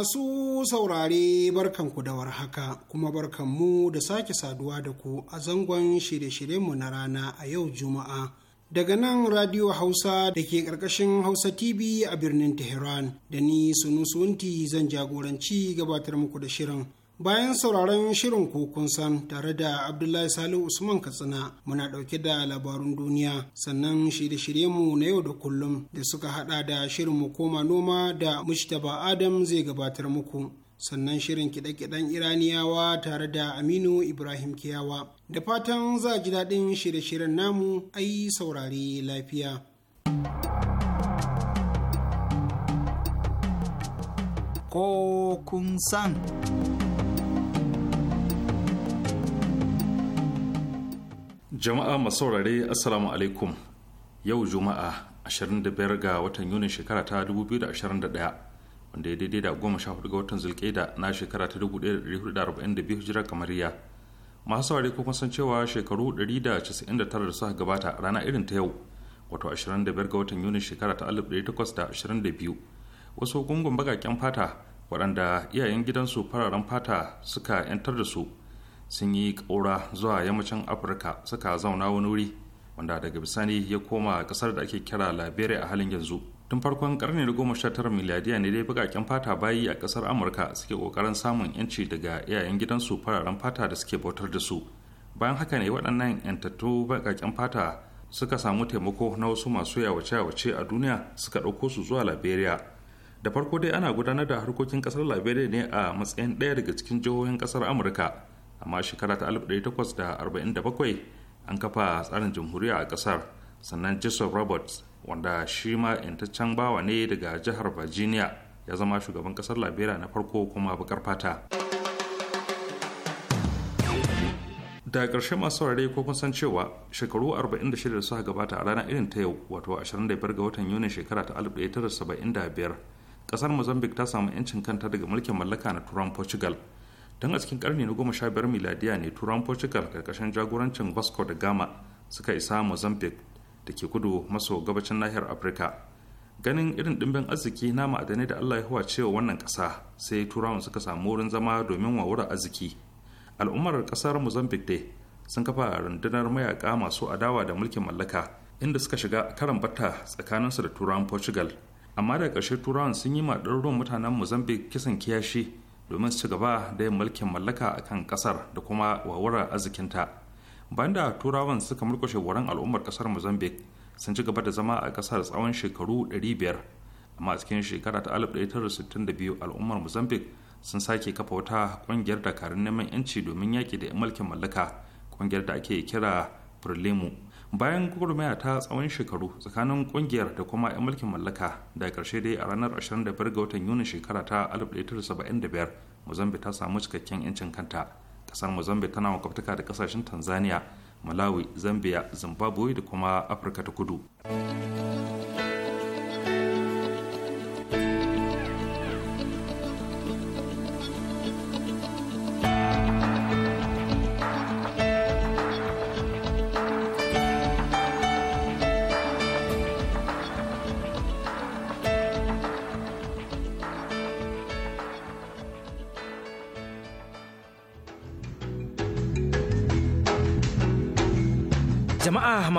Masu saurare barkan ku da warhaka kuma barkanmu da sake saduwa da ku a zangon shirye-shiryenmu na rana a yau Juma'a. Daga nan Radio Hausa da ke ƙarƙashin Hausa TV a birnin Tehran da ni Sunusunti zan jagoranci gabatar muku da shirin. bayan sauraron shirin kokunsan san tare da abdullahi salihu usman katsina muna ɗauke da labarun duniya sannan shirye-shiryenmu na yau da kullum da suka hada da shirin mu koma noma da mushtaba adam zai gabatar muku sannan shirin kiɗe-kiɗen iraniyawa tare da aminu ibrahim kiyawa da fatan za ji daɗin shirye-shiryen namu ai saurari lafiya ko kun san jama'a masaurare assalamu alaikum yau juma'a 25 ga watan yuni shekara ta 2021 wanda ya daidai da 14 ga watan zulkeda na shekara ta 1442 hijirar kamariya masu saurare kuma san cewa shekaru 199 da suka gabata a rana irin ta yau wato 25 ga watan yuni shekara ta 1822 wasu gungun bagaken fata waɗanda iyayen gidansu fararen fata suka 'yantar da su sun yi ƙaura zuwa yammacin afirka suka zauna wani wuri wanda daga bisani ya koma ƙasar da ake kira labere a halin yanzu tun farkon karni na goma sha tara miliyadiya ne dai bakaken fata bayi a ƙasar amurka suke ƙoƙarin samun yanci daga iyayen gidansu fararen fata da suke bautar da su bayan haka ne waɗannan yantattu bakaken fata suka samu taimako na wasu masu yawace-yawace a duniya suka ɗauko su zuwa liberia da farko dai ana gudanar da harkokin ƙasar liberia ne a matsayin ɗaya daga cikin jihohin kasar amurka amma shekara ta 1847 an kafa tsarin jamhuriya a kasar sannan joseph roberts wanda shi ma intaccen bawa ne daga jihar virginia ya zama shugaban kasar liberia na farko kuma bakar fata da ƙarshe masu saurari ko kun san cewa shekaru 46 da suka gabata a ranar irin ta yau wato 25 ga watan yuni shekara ta 1975 ƙasar mozambique ta samu 'yancin kanta daga mulkin mallaka na turan portugal don a cikin karni na goma sha biyar miladiya ne turan portugal karkashin jagorancin vasco da gama suka isa mozambique da ke kudu maso gabacin nahiyar afirka ganin irin dimbin arziki na ma'adanai da allah ya huwa cewa wannan ƙasa sai turawan suka samu wurin zama domin wawura arziki al'ummar ƙasar mozambique dai sun kafa rundunar mayaka masu adawa da mulkin mallaka inda suka shiga karan batta tsakaninsu da turawan portugal amma da ƙarshe turawan sun yi ma mutanen mozambique kisan kiyashi domin su ci gaba da yin mulkin mallaka a kan kasar da kuma wawurar arzikinta bayan da turawan suka murkushe wurin al'ummar kasar mozambique sun ci gaba da zama a kasar tsawon shekaru 500 amma a cikin shekara ta 1962 al'ummar mozambique sun sake kafa wata ƙungiyar dakarun neman 'yanci domin yaki da mulkin mallaka ƙungiyar da ake kira frelimo bayan gurmaya ta tsawon shekaru tsakanin kungiyar da kuma 'yan mulkin mallaka da karshe dai a ranar 25 ga watan yuni shekara ta 1975 mozambique ta samu cikakken 'yancin kanta kasar mozambique tana makwabtaka da kasashen tanzania malawi zambia zimbabwe da kuma afirka ta kudu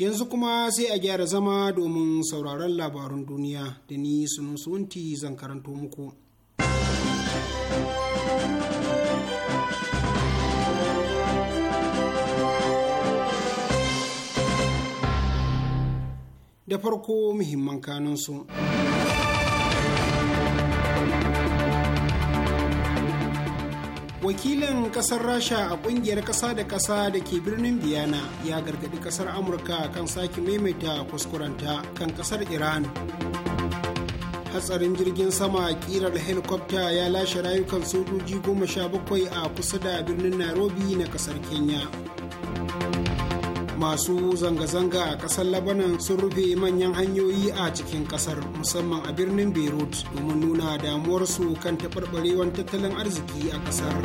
Yanzu kuma sai a gyara zama domin sauraron labarun duniya da ni sunusunti zan karanto muku. Da farko muhimman kanunsu. wakilin kasar rasha a kungiyar kasa da kasa da ke birnin biyana ya gargadi kasar amurka kan sake maimaita kuskuranta kan kasar iran hatsarin jirgin sama a kirar helikwafta ya lashe rayukan sojoji goma sha bakwai a kusa da birnin nairobi na kasar kenya masu zanga-zanga a ƙasar labanan sun rufe manyan hanyoyi a cikin ƙasar musamman a birnin beirut domin nuna damuwarsu kan taɓarɓarewar tattalin arziki a ƙasar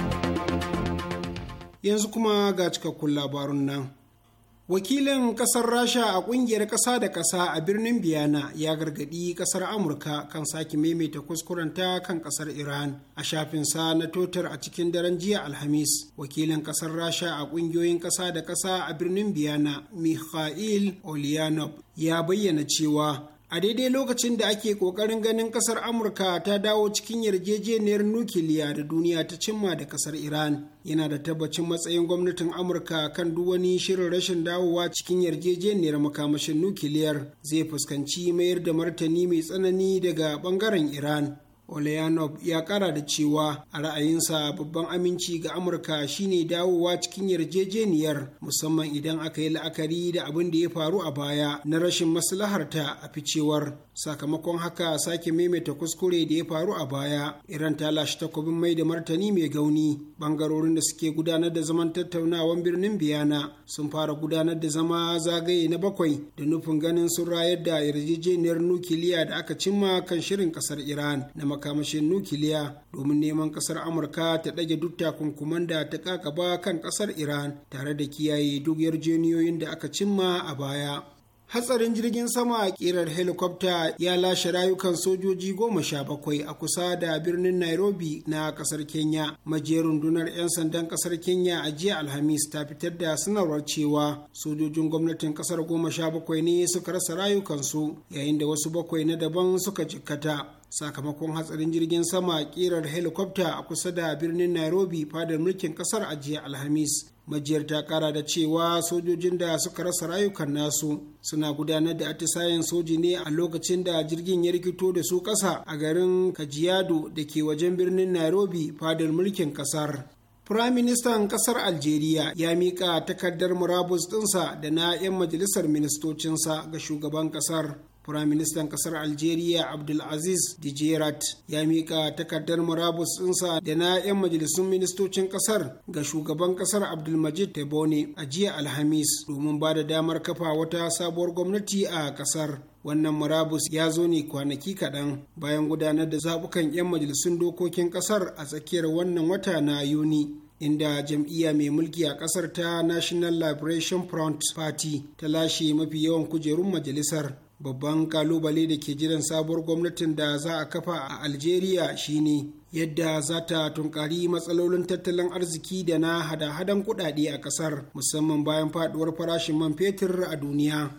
yanzu kuma ga cikakkun labarun nan Wakilin ƙasar Rasha a ƙungiyar ƙasa da ƙasa a birnin Biyana ya gargaɗi ƙasar Amurka kan sake maimaita kuskurenta kan ƙasar Iran a shafinsa na totar a cikin daren jiya Alhamis. Wakilin ƙasar Rasha a ƙungiyoyin ƙasa da ƙasa a birnin Biyana, Mikhail Olyanov, ya bayyana cewa a daidai lokacin da ake kokarin ganin kasar amurka ta dawo cikin yarjejeniyar nukiliya da duniya ta cimma da kasar iran yana da tabbacin matsayin gwamnatin amurka kan duk wani shirin rashin dawowa cikin yarjejeniyar makamashin nukiliyar zai fuskanci mayar da martani mai tsanani daga bangaren iran Oleanov ya kara da cewa a ra'ayinsa babban aminci ga Amurka shine dawowa cikin yarjejeniyar musamman idan aka yi la'akari da abin da ya faru a baya na rashin maslaharta a ficewar sakamakon haka sake maimaita kuskure da ya faru a baya iran ta lashe takobin mai da martani mai gauni bangarorin da suke gudanar da zaman tattaunawan birnin biyana sun fara gudanar da zama zagaye na bakwai da nufin ganin sun rayar da yarjejeniyar nukiliya da aka cimma kan shirin kasar iran na makamashin nukiliya domin neman kasar amurka ta ɗage duk takunkuman da ta kakaba kan kasar iran tare da kiyaye duk yarjejeniyoyin da aka cimma a baya hatsarin jirgin sama a ƙirar helikwafta ya lashe rayukan sojoji goma sha bakwai a kusa da birnin nairobi na ƙasar kenya majerun rundunar 'yan sandan ƙasar kenya a jiya alhamis ta fitar da sanarwar cewa sojojin gwamnatin ƙasar goma sha bakwai ne suka rasa rayukansu yayin da wasu bakwai na daban suka jikkata sakamakon hatsarin jirgin sama kirar helikwafta a kusa da birnin nairobi fadar mulkin kasar a jiya alhamis majiyar ta kara da cewa sojojin da suka rasa rayukan nasu suna gudanar da atisayen soji ne a lokacin da jirgin ya rikito da su kasa a garin kajiyado da ke wajen birnin nairobi fadar mulkin kasar Firaministan ƙasar Algeria ya miƙa takardar murabus ɗinsa da na 'yan majalisar ministocinsa ga shugaban ƙasar. Firaministan ƙasar Algeria Abdulaziz Dijerat ya miƙa takardar murabus ɗinsa da na 'yan majalisun ministocin ƙasar ga shugaban ƙasar Abdulmajid Tebboune a jiya Alhamis domin ba da damar kafa wata sabuwar gwamnati a ƙasar. wannan murabus ya zo ne kwanaki kaɗan bayan gudanar da zaɓukan 'yan majalisun dokokin ƙasar a tsakiyar wannan wata na yuni inda jam'iyya mai mulki a ƙasar ta national liberation front party ta lashe mafi yawan kujerun majalisar babban kalubale da ke jiran sabuwar gwamnatin da za a kafa a algeria shine yadda za ta tunkari matsalolin tattalin arziki da na hada-hadan kudade a kasar musamman bayan faduwar farashin man fetur a duniya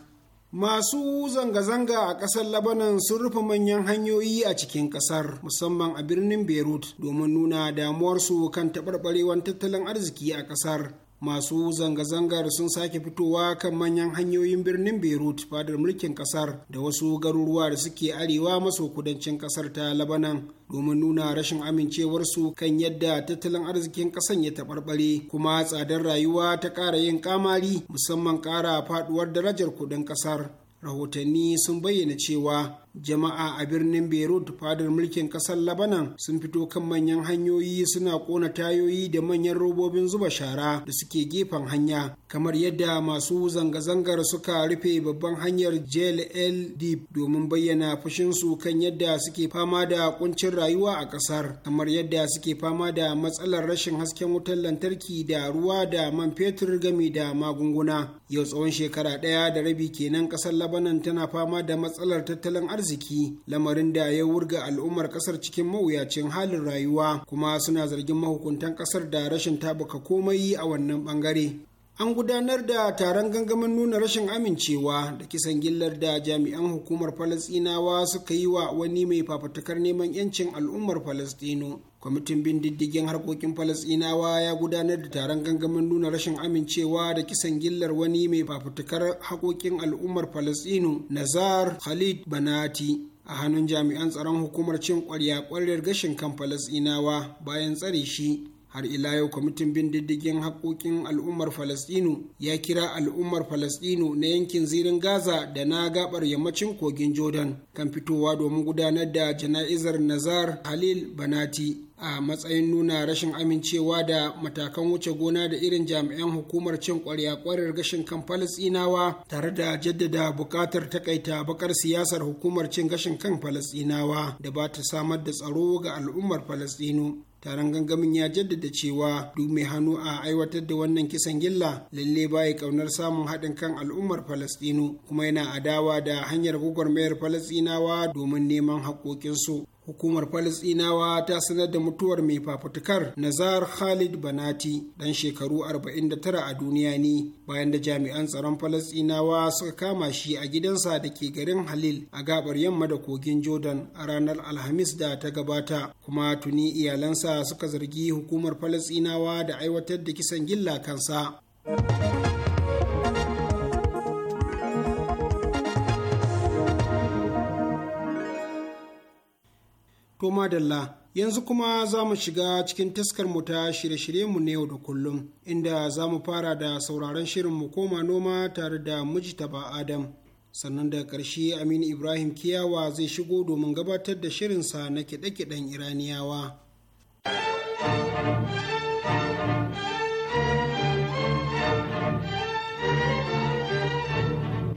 masu zanga-zanga a ƙasar labanan sun rufe manyan hanyoyi a cikin ƙasar musamman a birnin beirut domin nuna damuwarsu kan taɓarɓarewar tattalin arziki a ƙasar masu zanga-zangar sun sake fitowa kan manyan hanyoyin birnin beirut fadar mulkin kasar da wasu garuruwa da suke arewa maso kudancin kasar ta labanan domin nuna rashin amincewarsu kan yadda tattalin arzikin ƙasar ya taɓarɓare kuma tsadar rayuwa ta ƙara yin ƙamari musamman ƙara faɗuwar darajar kuɗin ƙasar rahotanni sun bayyana cewa jama'a a birnin beirut fadar mulkin kasar labanan sun fito kan manyan hanyoyi suna kona tayoyi da manyan robobin zuba shara da suke gefen hanya kamar yadda masu zanga-zangar suka rufe babban hanyar jel deep domin bayyana fushinsu kan yadda suke fama da kuncin rayuwa a kasar kamar yadda suke fama da matsalar rashin hasken wutar lantarki da ruwa da man fetur gami da magunguna yau tsawon shekara ɗaya da rabi kenan kasar labanan tana fama da matsalar tattalin arziki arziki lamarin da ya wurga al'ummar kasar cikin mawuyacin halin rayuwa kuma suna zargin mahukuntan kasar da rashin tabuka komai a wannan bangare an gudanar da taron gangamin nuna rashin amincewa da kisan gillar da jami'an hukumar falasɗinawa suka yi wa wani mai fafatakar neman 'yancin al'ummar falasɗinu kwamitin bin diddigin harkokin falasinawa ya gudanar da taron gangamin nuna rashin amincewa da kisan gillar wani mai fafutukar haƙoƙin al'ummar falasinu nazar khalid banati a hannun jami'an tsaron hukumar cin ƙwarya ƙwaryar gashin kan falasinawa bayan tsare shi har ila yau kwamitin bin diddigin haƙoƙin al'ummar falasɗinu ya kira al'ummar falasɗinu na yankin zirin gaza da na gabar yammacin kogin jordan kan fitowa domin gudanar da jana'izar nazar halil banati a matsayin nuna rashin amincewa da matakan wuce gona da irin jami'an hukumar cin kwarya kwarar gashin kan falasinawa tare da jaddada buƙatar takaita bakar siyasar hukumar cin gashin kan falasinawa da ba ta samar da tsaro ga al'ummar falasinu taron gangamin ya jaddada cewa duk mai hannu a aiwatar da wannan kisan gilla lalle baya kaunar samun haɗin kan al'ummar falastinu kuma yana adawa da hanyar gwagwarmayar falastinawa domin neman haƙoƙinsu hukumar falisdinawa ta sanar da mutuwar mai fafutukar nazar khalid banati dan shekaru 49 a duniya ne bayan da jami'an tsaron falisdinawa suka kama shi a gidansa da ke garin halil a gabar yamma da kogin jordan a ranar alhamis da ta gabata kuma tuni iyalansa suka zargi hukumar falisdinawa da aiwatar da kisan gilla kansa To madalla, yanzu kuma za mu shiga cikin taskar mu ta shirye mu na yau da kullum, inda za mu fara da sauraron shirin mu koma noma tare da Mujtaba Adam. Sannan da ƙarshe Aminu Ibrahim Kiyawa zai shigo domin gabatar da shirinsa na kiɗe-kiɗen Iraniyawa.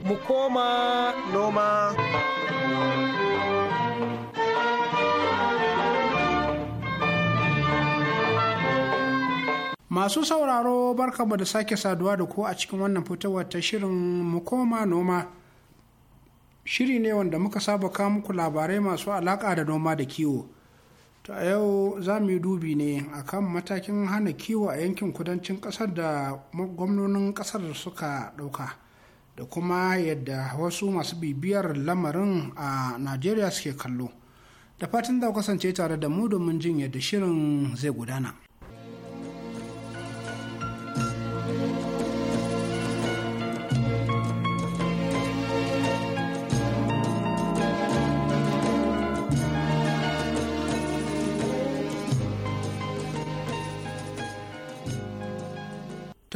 Mu koma noma. Masu sauraro barkamu da sake saduwa da ku a cikin wannan fitowar ta shirin mukoma noma. Shiri ne wanda muka saba kawo muku labarai masu alaka da noma da kiwo. To a yau za mu yi dubi ne akan matakin hana kiwo a yankin kudancin kasar da gwamnonin ƙasar suka ɗauka da kuma yadda wasu masu bibiyar lamarin a Najeriya suke kallo. Da fatan za kasance tare da mu domin jin yadda shirin zai gudana.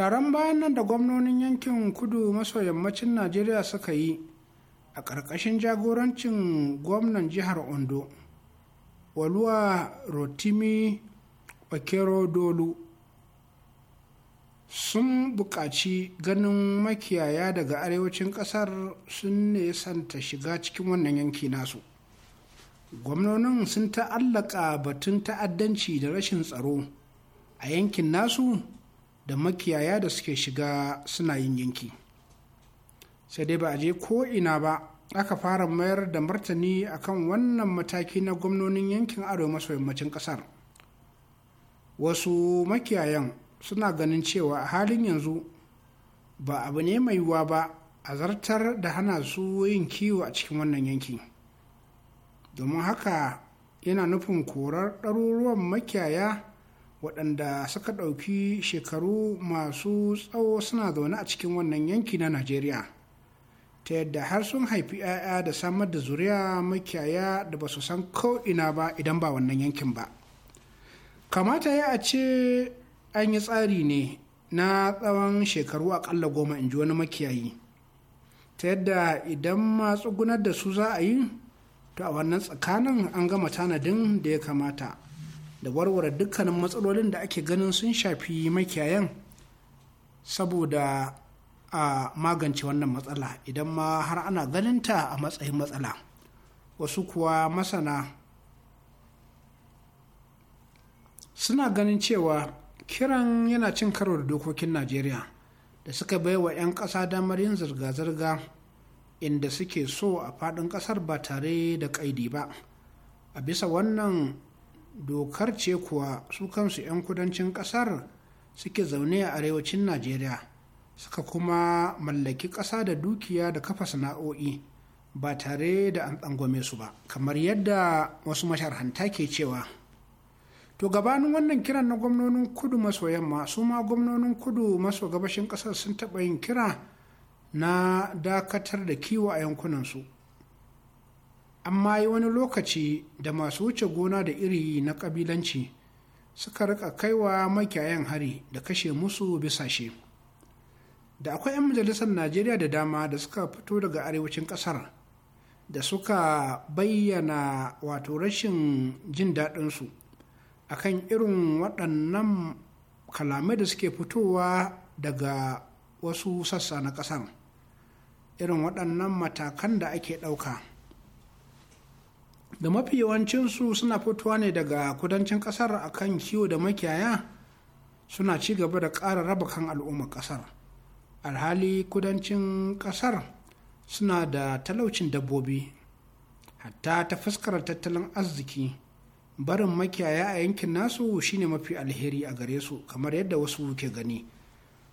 taron bayan nan da gwamnonin yankin kudu maso yammacin najeriya suka yi a ƙarƙashin jagorancin gwamnan jihar ondo waluwa rotimi okero dolu sun buƙaci ganin makiyaya daga arewacin ƙasar sun ne santa shiga cikin wannan yanki nasu gwamnonin sun ta'allaka batun ta'addanci da rashin tsaro a yankin nasu da makiyaya da suke shiga suna yin yanki sai dai ba a je ko'ina ba aka fara mayar da martani akan wannan mataki na gwamnonin yankin arewa maso yammacin kasar wasu makiyayan suna ganin cewa a halin yanzu ba abu ne mai yiwuwa ba a zartar da hana su yin kiwo a cikin wannan yanki domin haka yana nufin korar ɗaruruwan makiyaya waɗanda suka ɗauki shekaru masu tsawo suna zaune a cikin wannan yanki na najeriya ta yadda har sun haifi 'ya'ya da samar da zuriya makiyaya da ba su san ko'ina ba idan ba wannan yankin ba kamata ya a ce an yi tsari ne na tsawon shekaru aƙalla goma in ji wani makiyayi ta yadda idan ma tsugunar da su za a yi to a wannan tsakanin an gama tanadin da ya kamata da warware dukkanin matsalolin da ake ganin sun shafi makiyayan saboda a magance wannan matsala idan ma har ana ganinta a matsayin matsala wasu kuwa masana suna ganin cewa kiran yana cin karo da dokokin najeriya da suka bai wa 'yan ƙasa damar yin zirga-zirga inda suke so a faɗin ƙasar ba tare da ƙaidi ba a bisa wannan dokar ce kuwa su kansu 'yan kudancin kasar suke zaune a arewacin najeriya suka kuma mallaki ƙasa da dukiya da kafa sana'o'i ba tare da an tsangwame su ba kamar yadda wasu masharhanta ke cewa to gabanin wannan kiran na gwamnonin kudu maso yamma su ma gwamnonin kudu maso gabashin ƙasar sun taɓa yin kira na dakatar da kiwo a yankunansu amma yi wani lokaci da masu wuce gona da iri na ƙabilanci suka rika kaiwa makiyayan hari da kashe musu bisa shi, da akwai 'yan majalisar najeriya da dama da suka fito daga arewacin ƙasar da suka bayyana wato rashin jin daɗinsu kan irin waɗannan kalamai da suke fitowa daga wasu sassa na ƙasar irin waɗannan matakan da ake ɗauka da mafi yawancinsu suna fitowa ne daga kudancin kasar kan kiwo da makiyaya suna ci gaba da ƙara raba kan al'ummar kasar alhali kudancin kasar suna da talaucin dabbobi hatta ta fuskar tattalin arziki barin makiyaya a yankin nasu shine mafi alheri a gare su kamar yadda wasu ke gani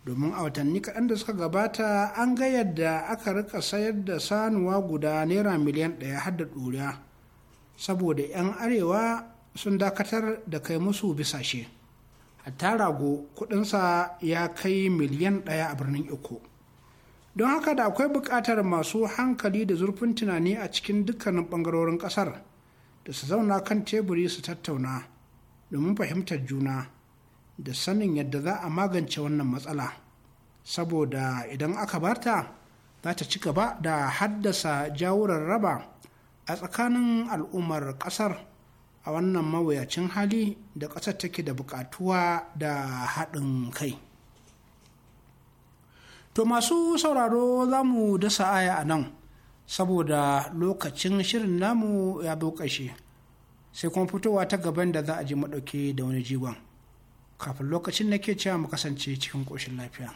domin a watanni kaɗan da suka gabata an ga yadda aka rika sayar da sanuwa guda naira miliyan ɗaya har da ɗuriya saboda 'yan arewa sun dakatar da kai musu bisashe hatta rago kudinsa ya kai miliyan ɗaya a birnin iko don haka da akwai buƙatar masu hankali da zurfin tunani a cikin dukkanin ɓangarorin ƙasar da su zauna kan teburi su tattauna domin fahimtar juna da sanin yadda za a magance wannan matsala saboda idan aka barta za ta ci gaba da haddasa jawurar raba a tsakanin al'ummar ƙasar a wannan mawuyacin hali da ƙasar take da buƙatuwa da haɗin kai to masu sauraro za mu dasa aya a nan saboda lokacin shirin namu ya zo ƙarshe sai kuma fitowa ta gaban da za a ji maɗauke da wani jigon kafin lokacin nake cewa mu kasance cikin ƙoshin lafiya.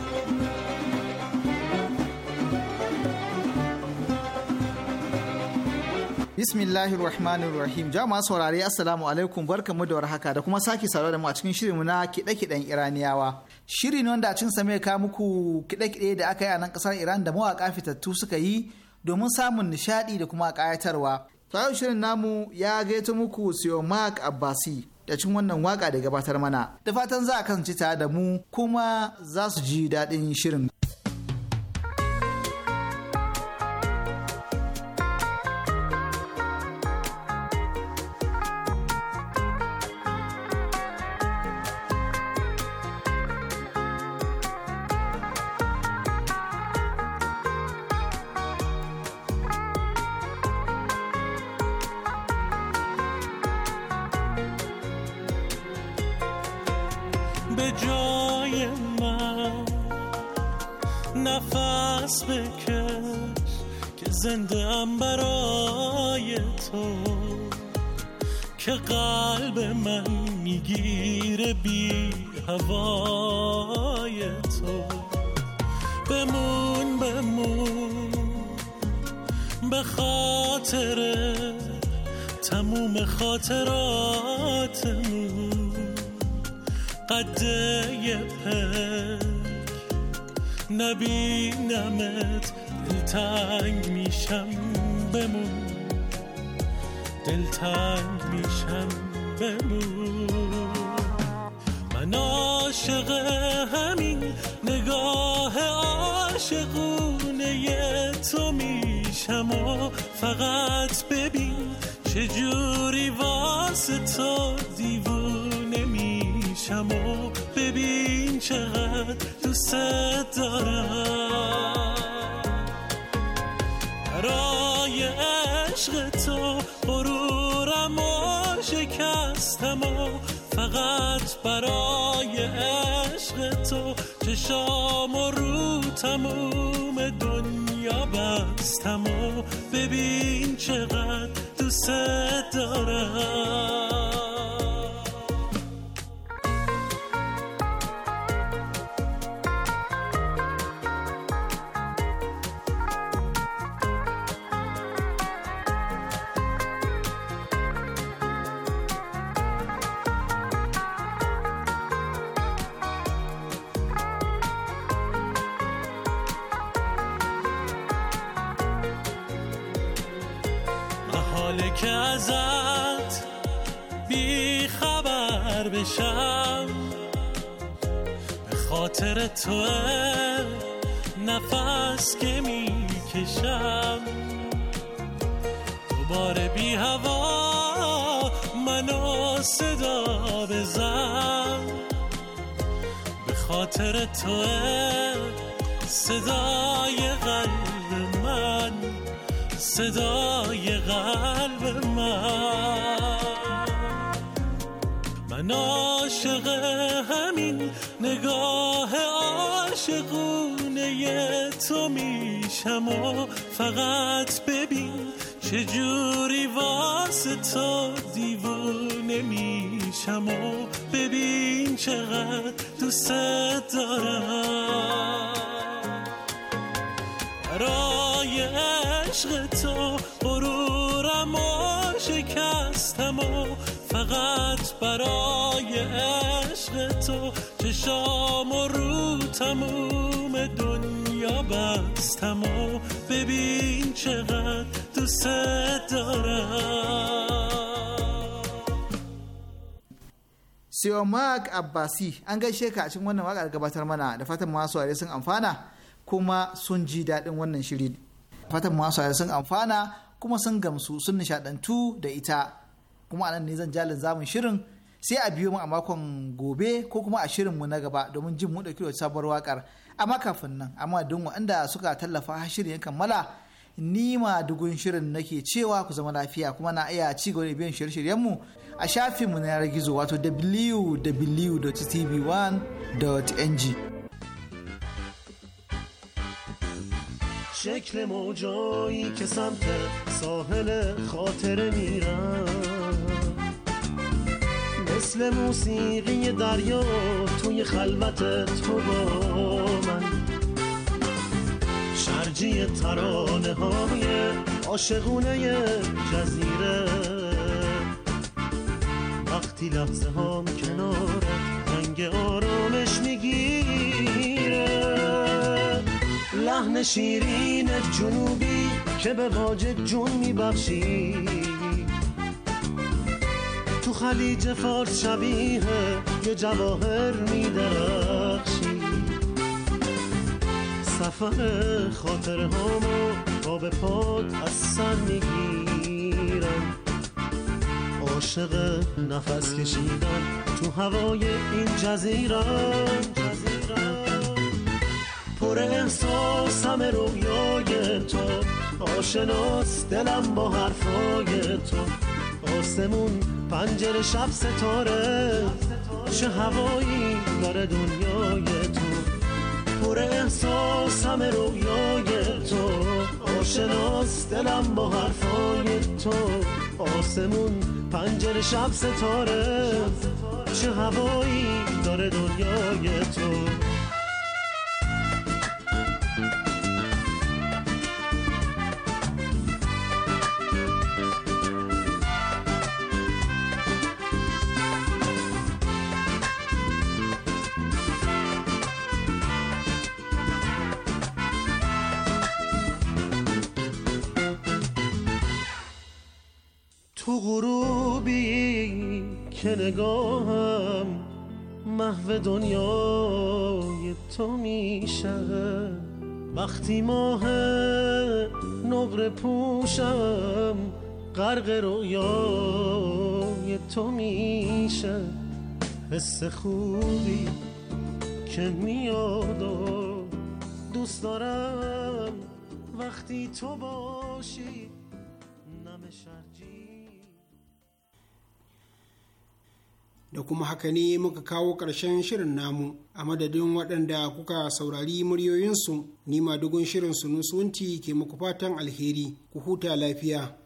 Bismillahir Rahmanir Rahim. Jama'a saurari Assalamu alaikum barkamu da warhaka da kuma sake saurare da mu a cikin shirinmu na kiɗe-kiɗen Iraniyawa. Shiri ne wanda a cikin sa ka muku kiɗe-kiɗe da aka yi a nan ƙasar Iran da mawaka fitattu suka yi domin samun nishadi da kuma kayatarwa. Tsawon shirin namu ya gaito muku Siyo Mark Abbasi da cikin wannan waka da gabatar mana. Da fatan za a kasance tare da mu kuma za su ji daɗin shirin. جای من نفس بکش که زنده ام برای تو که قلب من میگیره بی هوای تو بمون بمون به خاطر تموم خاطراتمون قده پک نبینمت دلتنگ میشم بمون دلتنگ میشم بمون من عاشق همین نگاه عاشقونه تو میشم و فقط ببین چجوری واسه تو دیوون بکشم و ببین چقدر دوست دارم برای عشق تو غرورم و شکستم و فقط برای عشق تو چشام و رو تموم دنیا بستم و ببین چقدر دوست دارم حاله که ازت بی خبر بشم به خاطر تو نفس که میکشم دوباره بی هوا منو صدا بزن به خاطر تو صدای قلب صدای قلب من من عاشق همین نگاه عاشقونه تو میشم و فقط ببین چجوری واسه تو دیوونه میشم و ببین چقدر دوست دارم تو برورم و شکستم و فقط برای عشق تو چشام و رو تموم دنیا بستم و ببین چقدر دوست دارم سیو مک عباسی انگه شکا چون من وقت گبتر منا دفتر ما سواری سنگ امفانه kuma sun ji dadin fatan masu sun amfana kuma sun gamsu sun nishadantu da ita kuma anan ne zan jalin zamun shirin sai a biyo mu a makon gobe ko kuma a shirin mu na gaba domin jin mu dauki sabuwar wakar amma kafin nan amma don waɗanda suka tallafa shirin kammala ni ma dugun shirin nake cewa ku zama lafiya kuma na iya ci gaba da biyan shirye mu a shafinmu na gizo wato www.tv1.ng شکل موجایی که سمت ساحل خاطره میرم مثل موسیقی دریا توی خلوت تو با من شرجی ترانه های عاشقونه جزیره وقتی لحظه هام کنار رنگ آرامش میگیر لحن شیرین جنوبی که به واجه جون میبخشی تو خلیج فارس شبیه یه جواهر میدرخشی سفر خاطر همو تا به پاد از سر میگیرم عاشق نفس کشیدن تو هوای این جزیره پر همه رویای تو آشناس دلم با حرفای تو آسمون پنجره شب ستاره چه هوایی داره دنیای تو پر همه رویای تو آشناس دلم با حرفای تو آسمون پنجره شب ستاره چه هوایی داره دنیای تو تو غروبی که نگاهم محو دنیای تو میشه وقتی ماه نبر پوشم غرق رویای تو میشه حس خوبی که میاد دوست دارم وقتی تو باشی da kuma haka ne muka kawo ƙarshen shirin namu a madadin waɗanda kuka saurari muryoyinsu ni dugun shirin su sunusunti ke muku fatan alheri ku huta lafiya